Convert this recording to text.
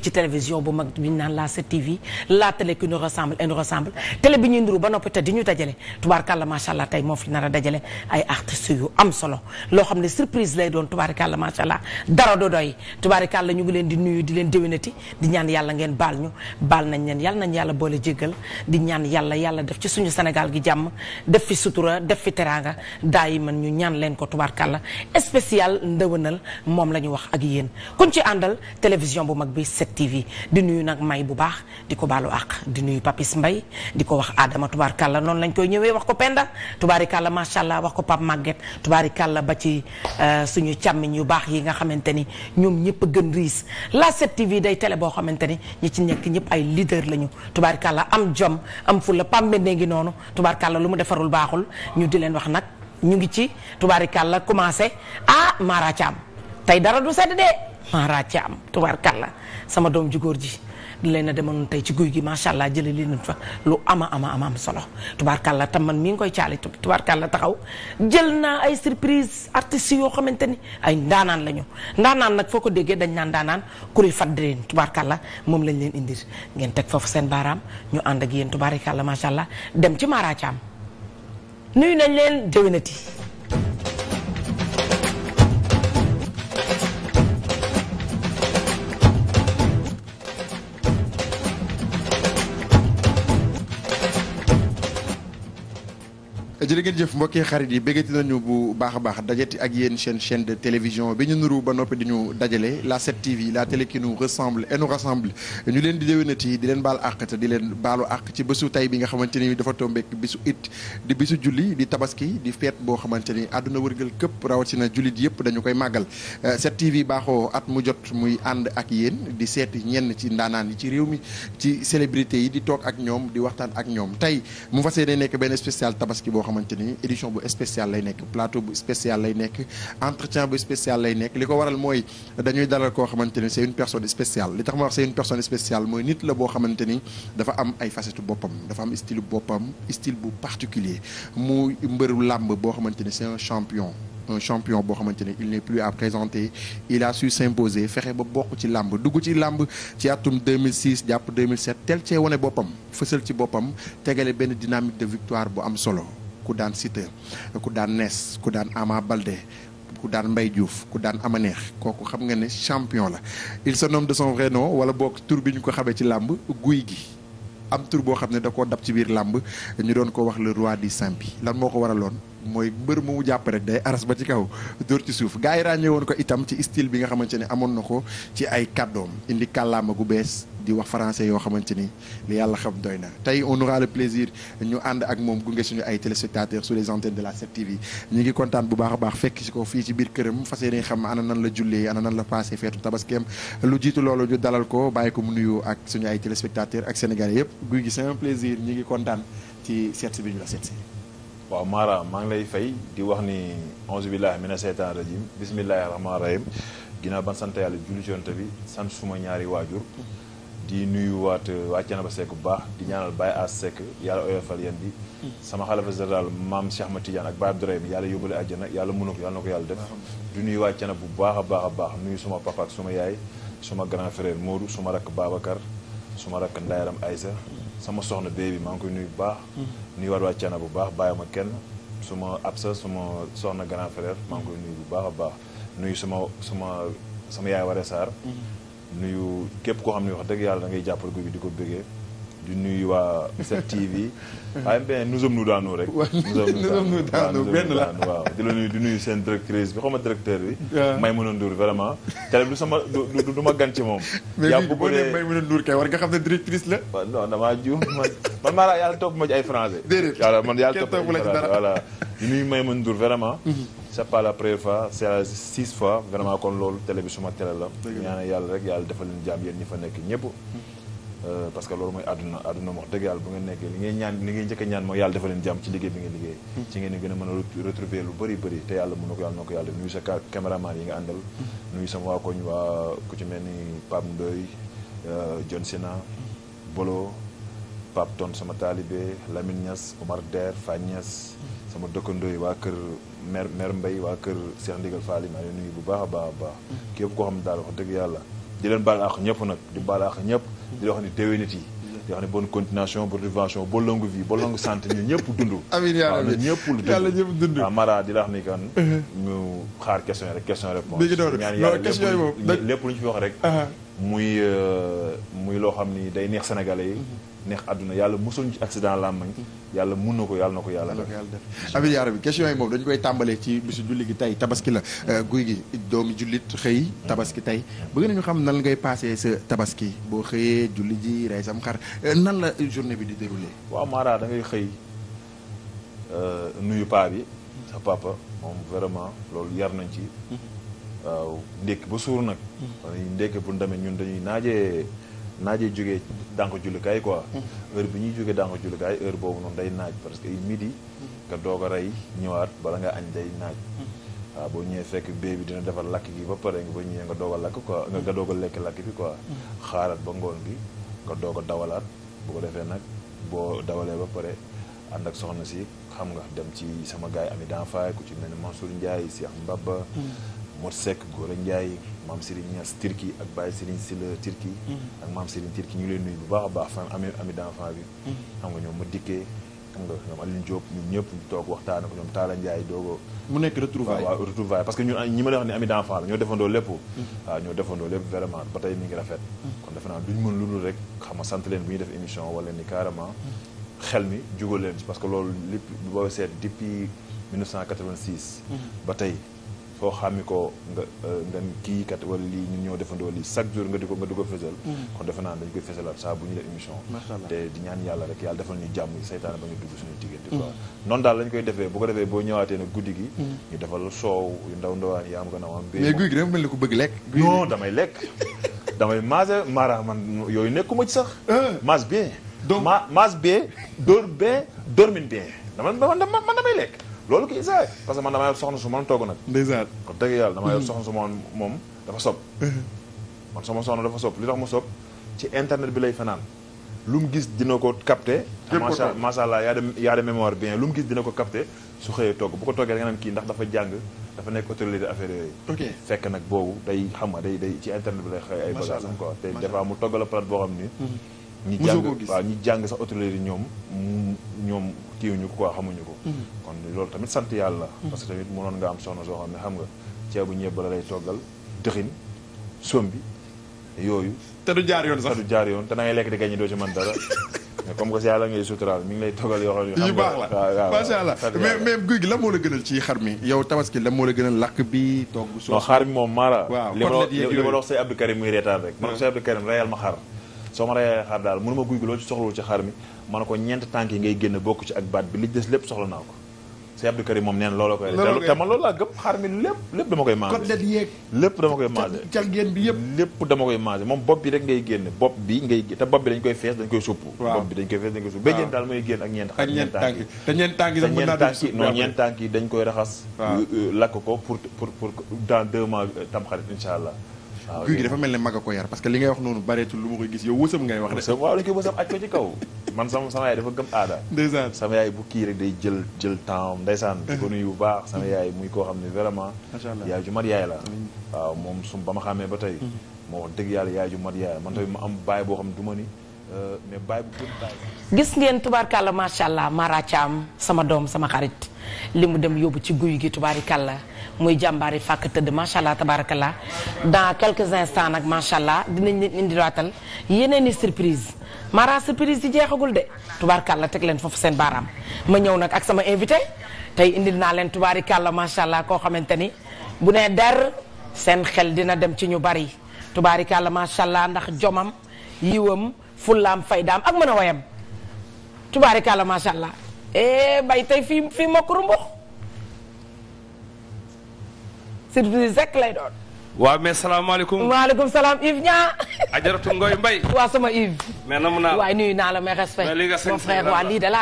ci télévision bu mag bi ñu naan la 7TV la télé qui nous ressemble et nous ressemble télé bi ñuy nduru ba noppi te di ñu dajale tubaarkàlla macha allah tey moo fi nar dajale ay artistes yu am solo loo xam ne surprise lay doon tubaarkàlla macha allah dara do doy tubaarkàlla ñu ngi leen di nuyu di leen déwénati di ñaan yàlla ngeen baal ñu baal nañ leen yàlla nañ yàlla boole jéggal di ñaan yàlla yàlla def ci suñu Sénégal gi jàmm def fi sutura def fi teraanga daa yi man ñu ñaan leen ko tubaarkàlla spécial ndëwënal moom la ñu wax ak yéen 7TV di nuyu nag may bu baax di ko baalu àq di nuyu Papis Mbay di ko wax Adama tubaarkàlla noonu lañ koy ñëwee wax ko Penda tubaarikàlla macha allah wax ko Pape Maguette tubaarikàlla ba ci euh, suñu càmmiñ yu baax yi nga xamante ni ñoom ñëpp gën riis la 7TV day tele boo xamante ni ñi ci nekk ñëpp ay leader lañu tubaarikàlla am jom am fulla pambe ngi noonu tubaar tubaarkàlla lu mu defarul baaxul ñu di leen wax nag ñu ngi ci tubaarikàlla commencé ah Mara Thiam tey dara du sedd de Mara Thiam tubaarkàlla sama doom ju góor ji leen a demoon tey ci guy gi macha allah jëlee leen fa lu ama ama ama am solo tubaarkàlla tam man mi ngi koy caali tubaarkàlla taxaw jël naa ay surprise artistes yoo xamante ni ay ndaanaan lañu ndaanaan nag foo ko déggee dañ naan ndaanaan kuréel faddileen tubaarkàlla moom lañ leen indi ngeen teg foofu seen baaraam ñu ànd ak yéen kàlla macha allah dem ci Mara Thiam nuyu nañ leen déwénati jërë ngeen jëf mbokki xarit yi bëggati nañu bu baax baax dajati ak yéen chaîne chaîne de télévision bi ñu nuru ba noppi di ñu dajale la 7 TV la télé qui nous ressemble et ñu leen di déwénati di leen baal àq te di leen baalu àq ci bésu tey bi nga xamante ni dafa tombeek bisu it di bisu julli di tabaski di feet boo xamante ni àdduna wërgal këpp rawatina jullit yëpp dañu koy màggal 7 euh, TV baaxoo at mu jot muy ànd ak yéen di seeti ñenn ci ndaanaan yi ci réew mi ci célébrité yi di toog ak ñoom di waxtaan ak ñoom tey mu fas yéene nekk benn spécial tabaski boo xamante xamante ni édition bu spécial lay nekk plateau bu spécial lay nekk entretien bu spécial lay nekk li ko waral mooy dañuy dalal koo xamante ni c'est une personne spéciale li tax ma wax c'est une personne spéciale mooy nit la boo xamante ni dafa am ay facettes boppam dafa am style boppam style bu particulier mu mbëru làmb boo xamante ni c'est un champion un boo xamante ne il n'est plus à présenter il a su s'imposer fexe ba bokk ci làmb dugg ci làmb ci atum 2006 jàpp 2007 tel cee wane boppam fësal ci boppam tegale benn dynamique de victoire bu am solo ku daan Siteu ku daan Nees ku daan Ama Baldé ku daan Mbaye Diouf ku daan Amaneex kooku xam nga ne champion la il se de son vrai nom wala boog tur bi ñu ko xamee ci làmb guy gi am tur boo xam ne da koo dab ci biir làmb ñu doon ko wax le roi du simpi lan moo ko waraloon mooy mbër mu jàpp rek day aras ba ci kaw dóor ci suuf gars yi ràññee ko itam ci style bi nga xamante ne amoon na ko ci ay kàddoom indi kàllaama gu bees di wax français yoo xamante ni li yàlla xam doy na tey on aura le plaisir ñu ànd ak moom gunge suñu ay téléspectateurs sur les antennes de la 7TV ñu ngi kontaan bu baax a baax fekk si ko fii ci biir këram fas yéene xam ana nan la jullee ana nan la passé feetu tabaskeem lu jiitu loolu ñu dalal ko bàyyi ko mu nuyu ak suñu ay téléspectateurs ak sénégalais yëpp guy gi c'est un plaisir ñu ngi kontaan ci seet bi ñu la seet si waaw Mara maa ngi lay fay di wax ni onze billahi mina seytaan rajim bismillahi rahmaan rahim ginnaaw ban sant yàlla julli ci yonent bi sant suma ñaari waajur di nuyu waat euh, waa ba Seck bu baax di ñaanal Baye Ass Seck yàlla oyofal yéen bi sama xalifa général maam Cheikh Ahmed Tidiane ak Baye Abdourahim yàlla yóbbale àjjana yàlla mën na ko yàlla ko yàlla def di nuyu waa Thiénaba bu baax a baax a baax nuyu suma papa ak suma yaay suma grand frère Modou suma rakk Babacar suma rakk ndaayaram Aïssa sama soxna bee bi maa ngi koy nuyu bu baax nuyuwaat waa Thiénaba bu baax bàyyi ma kenn suma absa suma soxna grand frère maa ngi koy nuyu bu baax a baax nuyu suma suma sama yaay Waré Sarr nuyu képp koo xam ne wax dëgg yàlla ngay jàppal ko bi di ko bëggee di nuyu waa 7TV. AMP ah, nous sommes nous dans nous rek. nous sommes nous dans nous la waaw di la di nuyu seen directrice bi xaw ma directeur bi. waaw Maimouna Ndour vraiment. télé bi sama du du gan moom. yaa ngi ko nee Maimouna Ndour kay war nga xam ne directrice la. waaw non damaa juum man man maa topp ma ay français. déedéet yàlla man yàlla topp ma ci ay français la di nuyu Maimouna Ndour vraiment. Mm-hmm. c'est pas la première fois c'est la six fois vraiment kon loolu télé bi suma télé la ñaane yàlla rek yàlla defal leen jàmm yéen ñi fa nekk ñëpp euh, parce que loolu mooy àdduna àdduna wax dëgg yàlla bu ngeen nekkee li nga ñaan li ngay jëkk a ñaan mooy yàlla defal leen jàmm ci liggéey bi ngeen liggéey hmm. ci ngeen gën a mën a retrouver lu bëri bëri te yàlla mën na ko yàlla na ko yàlla nuyu sa caméraman yi nga àndal hmm. nuyu sama waa koñ waa ku ci mel ni Pape Ndoye euh, John Sina Bolo Pape Tonn sama taalibe Lamine Niass Omar Der Faye Niass sama dëkkandoo yi waa kër mère mère mbay waa kër seex Ndigal Faly maa ngi bu baax a baax a baax képp koo xam ne daal wax dëgg yàlla di leen baal àq ñëpp nag di baal àq ñëpp di la wax ni déwénit yi di wax ne bonne continuation bonne révention bonne longue vie bonne longue santé ñu ñëpp dund amiin yàlla na ñëpp yàlla ñëpp dund di la wax ni kan uh-huh. ñu xaar question yi rek question réponse ñaan yàlla lépp lu ñu fi wax rek uh-huh. muy euh, muy loo xam ni day neex sénégalais neex àdduna yàlla mosuñu ci accident làmmañ yàlla mun na ko yàlla na ko yàlla def Habib Diarra bi question yi moom dañu koy tàmbalee ci bisu julli gi tey tabaski la euh, guy gi doomi jullit xëy tabaski tey bëgg nañu xam nan ngay passé sa tabaski boo xëyee julli ji rey sam xar euh, nan la journée bi di déroulé waaw Mara da ngay xëy euh, nuyu paa bi sa papa moom vraiment loolu yar nañ ci mhm. waaw ndékki ba suur nag. Mhm. ndékki bu ñu ñun dañuy naajee naaj yi jógee dànk jullikaay quoi. heure bi ñuy jógee dànk jullikaay heure boobu noonu day naaj parce que midi. nga doog a rey ñëwaat bala nga añ day naaj. waaw boo ñëwee fekk bee bi dina defar lakk gi ba pare ba ñëwee nga doog a lakk quoi nga a lekk lakk bi quoi. xaaraat ba ngoon bi nga doog a dawalaat bu defee nag boo dawalee ba pare ànd ak soxna si xam nga dem ci sama gars yi ami d'enfance ku ci mel ni Mansour Ndiaye Cheikh Mbaba. Mor Seck Gora Ndiaye maam Serigne Niass Turki ak Baye Serigne Sylla Turki mhm. ak maam Serigne Turki ñu leen nuyu bu baax a baax fan ami ami d'enfant bi mhm. xam nga ñoom ma dikkee ñëpp ñu toog waxtaan ak ñoom Talla Ndiaye doogo mu nekk retrouvaille waaw retrouvaille ami d'enfant la ñoo defandoo lépp mhm. waaw ñoo defandoo lépp vraiment ba tey mi ngi rafet kon def naa duñ mën lu dul rek xam nga sant leen bu ñuy def émission wala ni carrément xel mi jugal leen ci parce que loolu lépp boo seet depuis 1986 ba tey foo xàmmi ko nga euh, nga kii kat wala lii ñu ñoo defandoo lii chaque jour nga di ko nga di ko fësal mm. kon defe naa dañ koy fësalaat saa bu ñu def émission rek yàlla defal ñu jàmm seytaane ba dugg suñu diggante quoi mm. noonu daal lañ koy defee boo ko defee boo ñëwaatee nag guddi gi mm. ñu defal soow yu ndaw ndawaan yi am gën a am bé mais guy gi dama mel ni ko bëgg lekk non damay lekk damay maase mara man yooyu nekkuma ci sax euh. maase bien donc maase bien dóor bien dormin bien dama man damay lekk loolu kii saay parce que man dama yor soxna su man togg nag. ndeysaan yàlla dama yor mm-hmm. soxna moom dafa sob mm-hmm. man sama soxna dafa sob li tax mu sob ci internet bi lay fanaan lu mu gis dina ko capté. macha macha allah yaa de yaa de mémoire bien lu mu gis dina ko capté su xëyee togg bu ko toggee da nga kii ndax dafa jàng dafa nekk autorité affaire yooyu. fekk nag boobu day xam nga day day ci internet bi lay xëy ay bagages quoi te des mu toggal plat boo xam ni. Mm-hmm. ñi jàng waaw ñi jàng sax hôtellerie ñoom ñoom kiiwuñu ko quoi xamuñu ko mhm. kon loolu tamit sant yàlla mhm. parce que tamit mënoon nga am soxna soo xam ne xam nga ceebu ñebba la lay toggal dëxin sombi yooyu te du jaar yoon sax jaar yoon te lekk di gañe doo ci mën dara mais ngi lay toggal yoo xam ne yu baax mais mais guy gi la moo la gënal ci xar mi yow tabaski la moo la gënal lakk bi togg soo non xaar mi moom maara li ma li ma dox say Abdou Karim muy reetaan rek ma ko say Abdou Karim reyal ma xar soo ma rayee xaar daal mënuma guy gi loolu ci soxlawul ci xaar mi ma ne ko ñeent tànk yi ngay génn bokk ci ak baat bi li des lépp soxla naa ko Sëñ Abdou Karim moom neen looloo koy te man loolu laa gëm xaar mi lépp lépp dama koy mangé lépp koy mangé calgeen bi yëpp lépp dama koy mangé moom bopp bi rek ngay génn bopp bi ngay te bopp bi dañ koy fees dañ koy supp bopp bi dañ koy fees dañ koy supp béjjéen daal mooy génn ak ñeent xar supp non ñeent dañ koy raxas lakk ko pour pour pour dans deux mois euh, tam xarit Ah, guy gi dafa mel ne mag a ko yar parce que li ngay wax noonu bareetul lu ma koy gis yow wësam ngay wax de waaw dañ koy wësam ko ci kaw man sama yaay dafa gëm aada ndeysaan sama yaay bu kii rek day jël jël temps ndeysaan di ko nuyu bu baax sama mm-hmm. yaay muy koo xam ne vraiment yaay ju mat yaay la waaw moom sum ba ma xàmmee ba tey mm-hmm. moo wax dëgg yàlla yaay ju mat yaay la man tamit ma am baay boo xam du ma ni euh, mais baay bu gën baay gis ngeen tubaarkàlla macha allah Mara Thiam sama doom sama xarit li mu dem yóbbu ci guy gi tubaarikàlla muy jàmbaari fàkk tëdd macha allah tabaarakalla dans quelques instants nag macha allah dinañ leen indiwaatal yeneen i surprise mara surprise yi jeexagul de tubaarikàlla teg leen foofu seen baaraam ma ñëw nag ak sama invité tey indil naa leen tubaarikàlla macha allah koo xamante ni bu nee der seen xel dina dem ci ñu bari tubaarikàlla macha allah ndax jomam yiwam fullaam faydaam ak mën a woyam tubaarikàlla macha Eh, bay tey fii fii mokk rumbux surprise rek lay doon. waaw mais salaamaaleykum. waaleykum salaam Yves Niang. ajaratu Ngoy Mbaye. waa sama Yves. mais namu naa la waay nuyu naa waa lii de